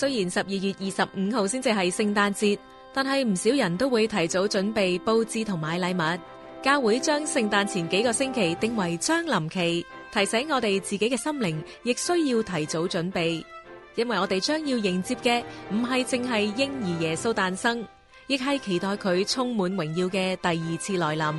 雖然十二月二十五號先至係聖誕節，但係唔少人都會提早準備佈置同買禮物。教會將聖誕前幾個星期定為將臨期，提醒我哋自己嘅心靈亦需要提早準備，因為我哋將要迎接嘅唔係淨係嬰兒耶穌誕生，亦係期待佢充滿榮耀嘅第二次來臨。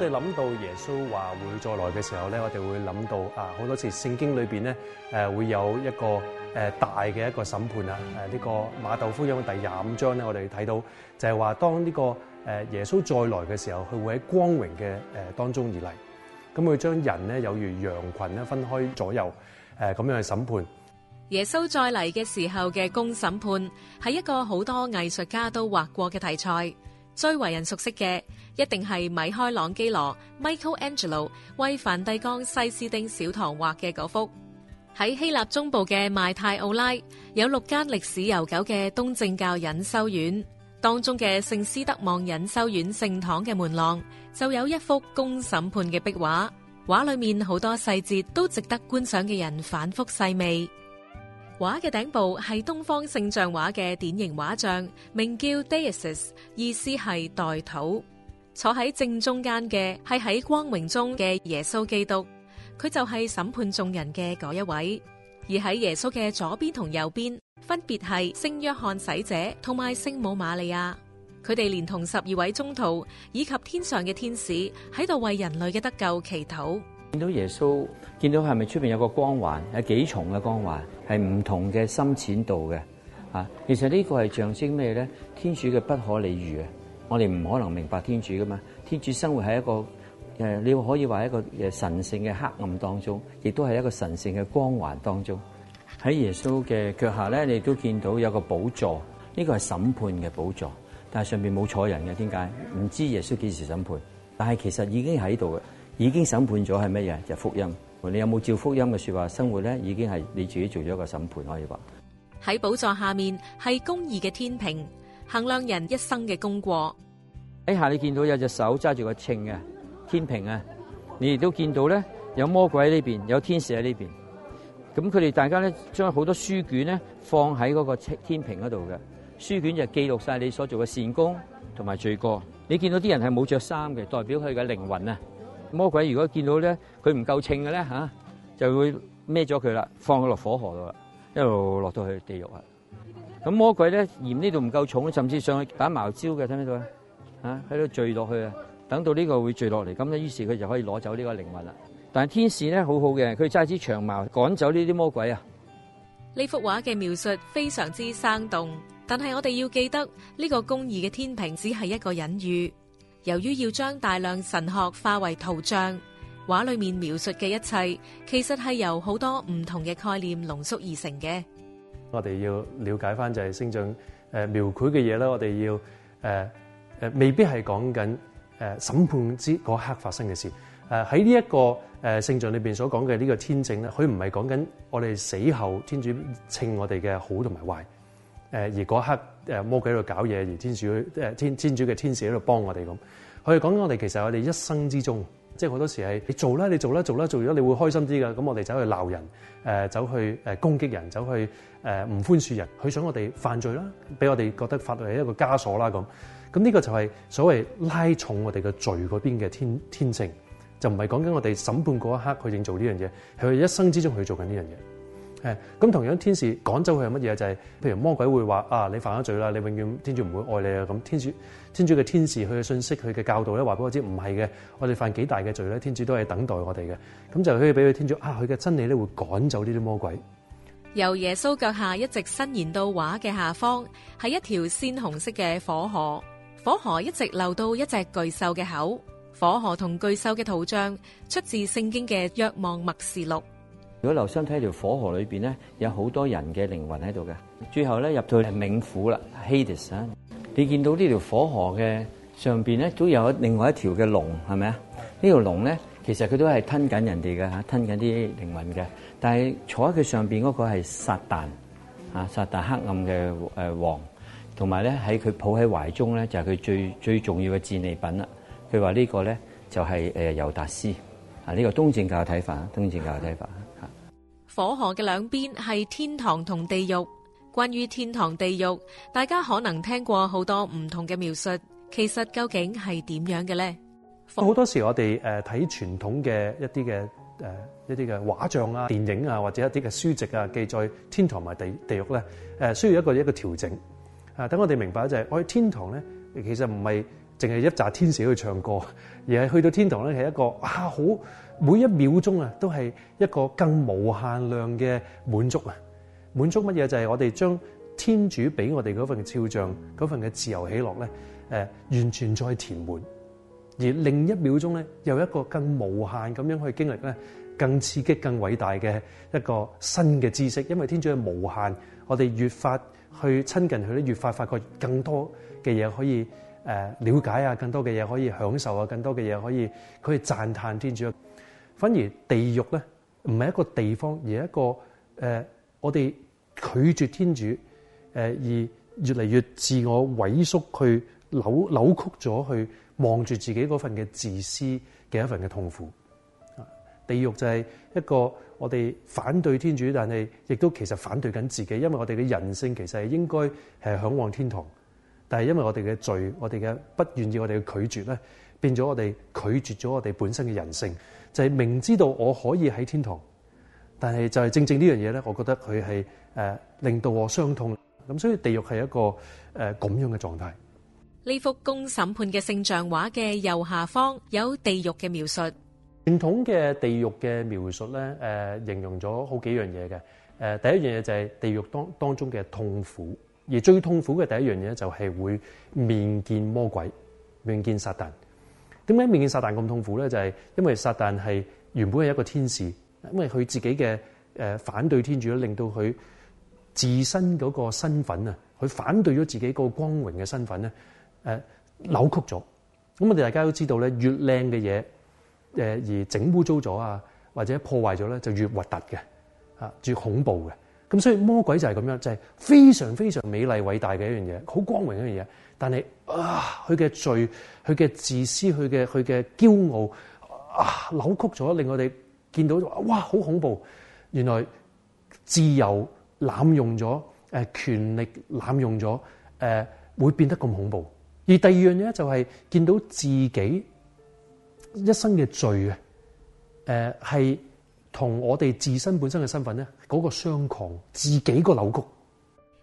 我哋諗到耶穌話會再來嘅時候咧，我哋會諗到啊，好多次聖經裏邊咧，誒會有一個誒大嘅一個審判啊，誒、這、呢個馬太福音第廿五章咧，我哋睇到就係話當呢個誒耶穌再來嘅時候，佢會喺光榮嘅誒當中而嚟，咁佢將人咧有如羊群咧分開左右誒咁樣去審判。耶穌再嚟嘅時候嘅公審判，係一個好多藝術家都畫過嘅題材。最為人熟悉嘅，一定係米開朗基羅 （Michelangelo） 為梵蒂岡西斯丁小堂畫嘅嗰幅。喺希臘中部嘅邁泰奧拉有六間歷史悠久嘅東正教隱修院，當中嘅聖斯德望隱修院聖堂嘅門廊就有一幅公審判嘅壁畫，畫裏面好多細節都值得觀賞嘅人反覆細味。畫嘅頂部係東方聖像畫嘅典型畫像，名叫 Deisis，意思係代禱。坐喺正中間嘅係喺光榮中嘅耶穌基督，佢就係審判眾人嘅嗰一位。而喺耶穌嘅左邊同右邊，分別係聖約翰洗者同埋聖母瑪利亞，佢哋連同十二位宗徒以及天上嘅天使喺度為人類嘅得救祈禱。見到耶穌，見到係咪出邊有一個光環？有幾重嘅光環？係唔同嘅深淺度嘅，啊，其實呢個係象徵咩咧？天主嘅不可理喻啊！我哋唔可能明白天主噶嘛。天主生活喺一個，你可以話一個神聖嘅黑暗當中，亦都係一個神聖嘅光環當中。喺耶穌嘅腳下咧，你都見到有個寶座，呢個係審判嘅寶座，但係上面冇坐人嘅。點解？唔知耶穌幾時審判，但係其實已經喺度嘅。已經審判咗係乜嘢？就係、福音。你有冇照福音嘅説話生活咧？已經係你自己做咗一個審判，可以話喺寶座下面係公義嘅天平，衡量人一生嘅功過。喺下、哎、你見到有隻手揸住個秤嘅天平啊！你亦都見到咧，有魔鬼喺呢邊，有天使喺呢邊。咁佢哋大家咧，將好多書卷咧放喺嗰個天平嗰度，嘅書卷就記錄晒你所做嘅善功同埋罪過。你見到啲人係冇着衫嘅，代表佢嘅靈魂啊。魔鬼如果見到咧，佢唔夠稱嘅咧嚇，就會孭咗佢啦，放佢落火河度啦，一路落到去地獄啊！咁魔鬼咧嫌呢度唔夠重，甚至上去打茅蕉嘅，睇唔睇到啊？嚇，喺度墜落去啊！等到呢個會墜落嚟，咁咧於是佢就可以攞走呢個靈魂啦。但係天使咧好好嘅，佢揸支長矛趕走呢啲魔鬼啊！呢幅畫嘅描述非常之生動，但係我哋要記得呢個公義嘅天平只係一個隱喻。由於要將大量神學化為圖像，畫裏面描述嘅一切，其實係由好多唔同嘅概念濃縮而成嘅。我哋要了解返就係聖像誒描繪嘅嘢啦，我哋要誒誒、呃，未必係講緊誒審判之嗰刻發生嘅事。誒喺呢一個誒聖像裏邊所講嘅呢個天秤咧，佢唔係講緊我哋死後天主稱我哋嘅好同埋壞。誒而嗰刻誒魔鬼喺度搞嘢，而天主天天主嘅天使喺度幫我哋咁。佢講緊我哋其實我哋一生之中，即係好多時係你做啦，你做啦，做啦，做咗你會開心啲嘅。咁我哋走去鬧人、呃，走去攻擊人，走去唔寬恕人。佢想我哋犯罪啦，俾我哋覺得法律係一個枷鎖啦咁。咁呢個就係所謂拉重我哋嘅罪嗰邊嘅天天性，就唔係講緊我哋審判嗰一刻佢正做呢樣嘢，係佢一生之中去做緊呢樣嘢。誒咁同樣天使趕走佢係乜嘢？就係、是、譬如魔鬼會話啊，你犯咗罪啦，你永遠天主唔會愛你啊！咁天主天主嘅天使，佢嘅信息佢嘅教導咧，話俾我知唔係嘅，我哋犯幾大嘅罪咧，天主都係等待我哋嘅。咁就可以俾佢天主啊，佢嘅真理咧會趕走呢啲魔鬼。由耶穌腳下一直伸延到畫嘅下方，係一條鮮紅色嘅火河，火河一直流到一隻巨獸嘅口。火河同巨獸嘅圖像出自聖經嘅若望默示錄。如果留心睇，條火河裏邊咧有好多人嘅靈魂喺度嘅。最後咧入到係冥府啦，Hades。你見到呢條火河嘅上邊咧都有另外一條嘅龍，係咪啊？呢條龍咧其實佢都係吞緊人哋嘅嚇，吞緊啲靈魂嘅。但係坐喺佢上邊嗰個係撒旦啊，撒旦黑暗嘅誒王，同埋咧喺佢抱喺懷中咧就係、是、佢最最重要嘅戰利品啦。佢話呢個咧就係誒尤達斯啊，呢個東正教嘅睇法，東正教嘅睇法。火河嘅兩邊係天堂同地獄。關於天堂、地獄，大家可能聽過好多唔同嘅描述。其實究竟係點樣嘅咧？好多時我哋誒睇傳統嘅一啲嘅誒一啲嘅畫像啊、電影啊，或者一啲嘅書籍啊記載天堂同埋地地獄咧，誒需要一個一個調整啊。等我哋明白就係我哋天堂咧，其實唔係。淨係一紮天使去唱歌，而係去到天堂咧，係一個啊好每一秒鐘啊，都係一個更無限量嘅滿足啊！滿足乜嘢就係、是、我哋將天主俾我哋嗰份肖像嗰份嘅自由喜樂咧，誒、呃、完全再填滿。而另一秒鐘咧，又一個更無限咁樣去經歷咧，更刺激、更偉大嘅一個新嘅知識。因為天主係無限，我哋越發去親近佢咧，越發發覺更多嘅嘢可以。誒，了解啊，更多嘅嘢可以享受啊，更多嘅嘢可以，佢讚嘆天主。反而地獄咧，唔係一個地方，而係一個誒、呃，我哋拒絕天主，誒、呃、而越嚟越自我萎縮，去扭扭曲咗去望住自己嗰份嘅自私嘅一份嘅痛苦。地獄就係一個我哋反對天主，但係亦都其實反對緊自己，因為我哋嘅人性其實係應該係嚮往天堂。但係因為我哋嘅罪，我哋嘅不願意，我哋嘅拒絕咧，變咗我哋拒絕咗我哋本身嘅人性，就係明知道我可以喺天堂，但係就係正正呢樣嘢咧，我覺得佢係誒令到我傷痛。咁所以地獄係一個誒咁樣嘅狀態。呢幅公審判嘅聖像畫嘅右下方有地獄嘅描述。傳統嘅地獄嘅描述咧，誒形容咗好幾樣嘢嘅。誒第一樣嘢就係地獄當當中嘅痛苦。而最痛苦嘅第一樣嘢就係會面見魔鬼、面見撒旦。點解面見撒旦咁痛苦咧？就係、是、因為撒旦係原本係一個天使，因為佢自己嘅誒反對天主，令到佢自身嗰個身份啊，佢反對咗自己嗰個光榮嘅身份咧，誒扭曲咗。咁我哋大家都知道咧，越靚嘅嘢誒而整污糟咗啊，或者破壞咗咧，就越核突嘅啊，最恐怖嘅。咁所以魔鬼就係咁樣，就係、是、非常非常美麗偉大嘅一樣嘢，好光榮一樣嘢。但係啊，佢、呃、嘅罪，佢嘅自私，佢嘅佢嘅驕傲啊、呃，扭曲咗，令我哋見到哇，好恐怖！原來自由濫用咗，誒、呃，權力濫用咗，誒、呃，會變得咁恐怖。而第二樣嘢就係、是、見到自己一生嘅罪啊誒，係、呃。是同我哋自身本身嘅身份呢嗰、那個相狂，自己個扭曲。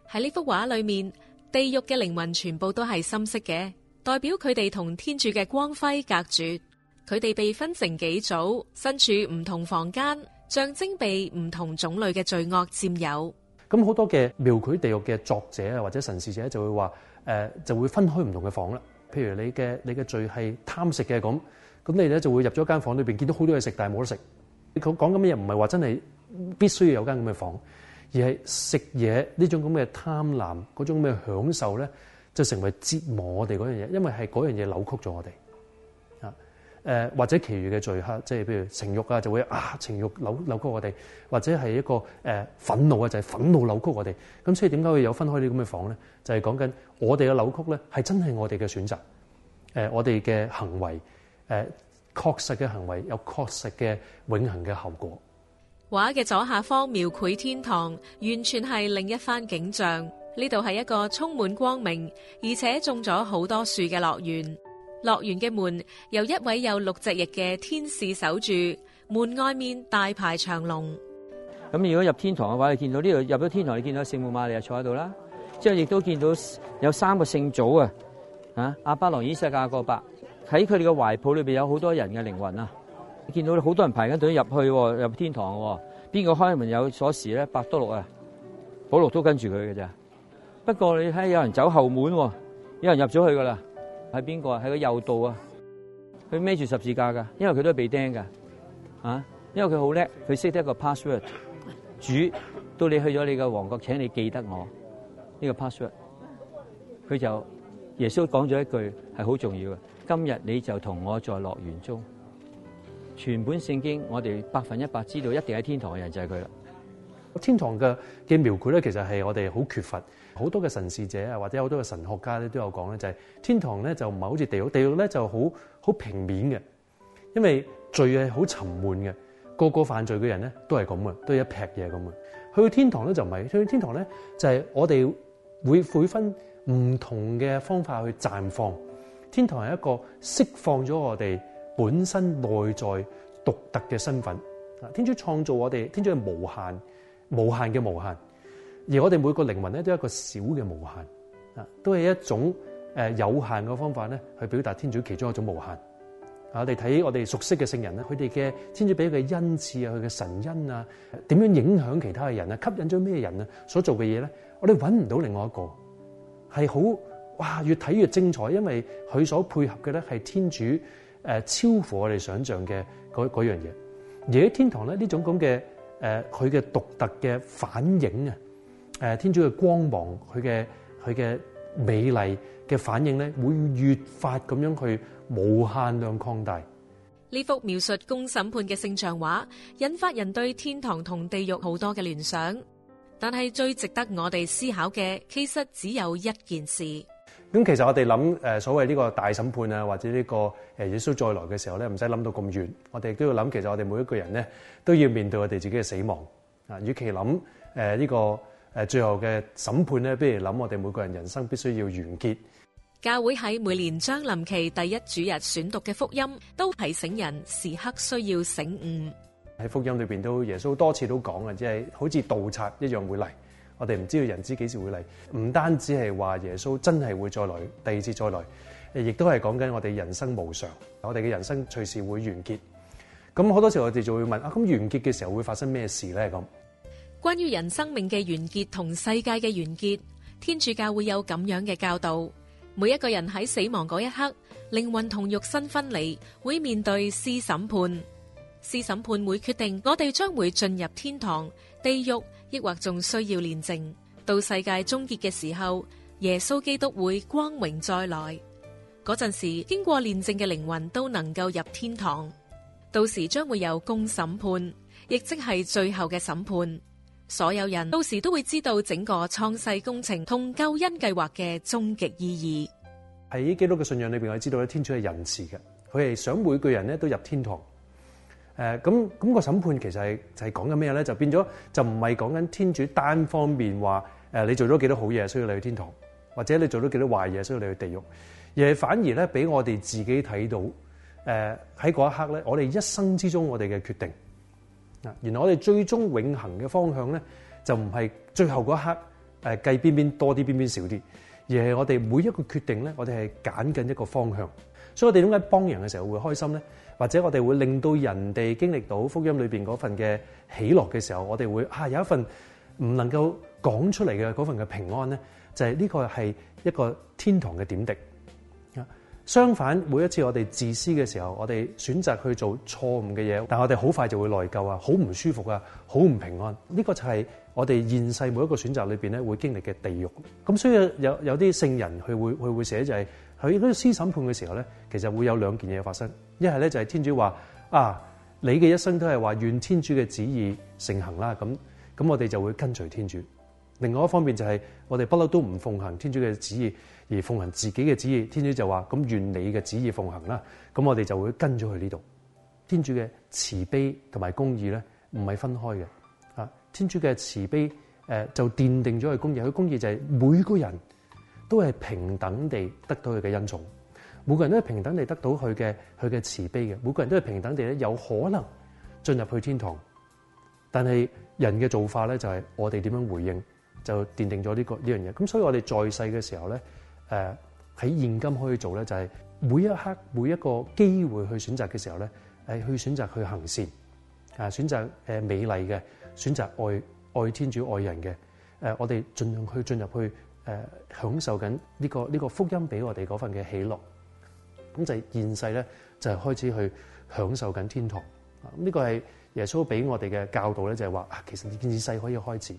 喺呢幅畫裏面，地獄嘅靈魂全部都係深色嘅，代表佢哋同天主嘅光輝隔絕，佢哋被分成幾組，身處唔同房間，象徵被唔同種類嘅罪惡佔有。咁好多嘅描繪地獄嘅作者啊，或者神視者就會話，誒、呃、就會分開唔同嘅房啦。譬如你嘅你嘅罪係貪食嘅咁，咁你咧就會入咗間房裏邊見到好多嘢食，但係冇得食。佢講緊乜嘢？唔係話真係必須要有間咁嘅房，而係食嘢呢種咁嘅貪婪，嗰種咩享受咧，就成為折磨我哋嗰樣嘢。因為係嗰樣嘢扭曲咗我哋啊。誒、呃，或者其餘嘅罪客即係譬如情欲啊，就會啊情欲扭扭曲我哋，或者係一個誒憤、呃、怒啊，就係、是、憤怒扭曲我哋。咁所以點解會有分開啲咁嘅房咧？就係講緊我哋嘅扭曲咧，係真係我哋嘅選擇。誒、呃，我哋嘅行為誒。呃確實嘅行為有確實嘅永恆嘅後果。畫嘅左下方描繪天堂，完全係另一番景象。呢度係一個充滿光明，而且種咗好多樹嘅樂園。樂園嘅門由一位有六隻翼嘅天使守住。門外面大排長龍。咁如果入天堂嘅話，你見到呢度入咗天堂，你見到聖母瑪利亞坐喺度啦，之後亦都見到有三個聖祖啊，啊亞巴郎、依撒格、雅各伯。喺佢哋嘅懷抱裏邊有好多人嘅靈魂啊！你見到好多人排緊隊入去入、啊、天堂喎、啊，邊個開門有鎖匙咧？伯多祿啊，保祿都跟住佢嘅咋。不過你睇有人走後門喎、啊，有人入咗去噶啦，喺邊個啊？係個他右道啊，佢孭住十字架噶，因為佢都係被釘噶啊，因為佢好叻，佢識得一個 password。主到你去咗你嘅王國，請你記得我呢、這個 password。佢就耶穌講咗一句係好重要嘅。今日你就同我在樂園中，全本聖經我哋百分一百知道一定喺天堂嘅人就係佢啦。天堂嘅嘅描繪咧，其實係我哋好缺乏，好多嘅神事者啊，或者好多嘅神學家咧都有講咧，就係天堂咧就唔係好似地獄。地獄咧就好好平面嘅，因為罪係好沉悶嘅，個個犯罪嘅人咧都係咁啊，都係一劈嘢，咁啊。去到天堂咧就唔係，去到天堂咧就係我哋會會分唔同嘅方法去綻放。天堂係一個釋放咗我哋本身內在獨特嘅身份。天主創造我哋，天主係無限、無限嘅無限，而我哋每個靈魂咧都係一個小嘅無限，啊，都係一種誒有限嘅方法咧去表達天主其中一種無限。啊，我哋睇我哋熟悉嘅聖人咧，佢哋嘅天主俾佢嘅恩賜啊，佢嘅神恩啊，點樣影響其他嘅人啊，吸引咗咩人啊，所做嘅嘢咧，我哋揾唔到另外一個係好。是很哇，越睇越精彩，因為佢所配合嘅咧係天主誒、呃，超乎我哋想象嘅嗰樣嘢。而天堂咧，呢種咁嘅誒，佢、呃、嘅獨特嘅反應，啊，誒，天主嘅光芒，佢嘅佢嘅美麗嘅反應咧，會越發咁樣去無限量擴大。呢幅描述公審判嘅聖像畫，引發人對天堂同地獄好多嘅聯想。但係最值得我哋思考嘅，其實只有一件事。咁其實我哋諗誒所謂呢個大審判啊，或者呢個誒耶穌再來嘅時候咧，唔使諗到咁遠。我哋亦都要諗，其實我哋每一個人咧都要面對我哋自己嘅死亡啊。與其諗誒呢個誒最後嘅審判咧，不如諗我哋每個人人生必須要完結。教會喺每年將臨期第一主日選讀嘅福音，都提醒人時刻需要醒悟。喺福音裏邊都耶穌多次都講啊，即係好似盜賊一樣會嚟。我哋唔知道人知幾時會嚟，唔單止係話耶穌真係會再來，第二次再來，亦都係講緊我哋人生無常，我哋嘅人生隨時會完結。咁好多時候我哋就會問啊，咁完結嘅時候會發生咩事呢？」咁關於人生命嘅完結同世界嘅完結，天主教會有咁樣嘅教導。每一個人喺死亡嗰一刻，靈魂同肉身分離，會面對私審判。私審判會決定我哋將會進入天堂、地獄。抑或仲需要煉淨，到世界終結嘅時候，耶穌基督會光榮再來。嗰陣時，經過煉淨嘅靈魂都能夠入天堂。到時將會有公審判，亦即係最後嘅審判。所有人到時都會知道整個創世工程同救恩計劃嘅終極意義。喺基督嘅信仰裏邊，我知道咧天主係仁慈嘅，佢係想每個人咧都入天堂。誒咁咁個審判其實就係講緊咩咧？就變咗就唔係講緊天主單方面話，誒你做咗幾多好嘢需要你去天堂，或者你做咗幾多壞嘢需要你去地獄，而係反而咧俾我哋自己睇到，誒喺嗰一刻咧，我哋一生之中我哋嘅決定，原來我哋最終永恒嘅方向咧就唔係最後嗰一刻，誒計邊邊多啲邊邊少啲，而係我哋每一個決定咧，我哋係揀緊一個方向。所以我哋點解幫人嘅時候會開心咧？或者我哋會令到人哋經歷到福音裏邊嗰份嘅喜樂嘅時候，我哋會啊有一份唔能夠講出嚟嘅嗰份嘅平安咧，就係呢個係一個天堂嘅點滴。相反，每一次我哋自私嘅時候，我哋選擇去做錯誤嘅嘢，但係我哋好快就會內疚啊，好唔舒服啊，好唔平安。呢個就係我哋現世每一個選擇裏邊咧會經歷嘅地獄。咁所以有有啲聖人佢會佢會寫就係。佢嗰啲私審判嘅時候咧，其實會有兩件嘢發生。一係咧就係天主話啊，你嘅一生都係話願天主嘅旨意成行啦。咁咁我哋就會跟隨天主。另外一方面就係、是、我哋不嬲都唔奉行天主嘅旨意，而奉行自己嘅旨意。天主就話咁願你嘅旨意奉行啦。咁我哋就會跟咗去呢度。天主嘅慈悲同埋公義咧，唔係分開嘅啊。天主嘅慈悲、呃、就奠定咗佢公義。佢公義就係每個人都係平等地得到佢嘅恩寵，每個人都係平等地得到佢嘅佢嘅慈悲嘅，每個人都係平等地咧有可能進入去天堂。但係人嘅做法咧就係我哋點樣回應，就奠定咗呢個呢樣嘢。咁所以我哋在世嘅時候咧，誒喺現今可以做咧，就係每一刻每一個機會去選擇嘅時候咧，誒去選擇去行善，啊選擇誒美麗嘅，選擇愛愛天主愛人嘅，誒我哋盡量去進入去。誒，享受緊呢、這個呢、這個福音俾我哋嗰份嘅喜樂，咁就係、現世咧就開始去享受緊天堂。咁、這、呢個係耶穌俾我哋嘅教導咧，就係話啊，其實你現世可以開始。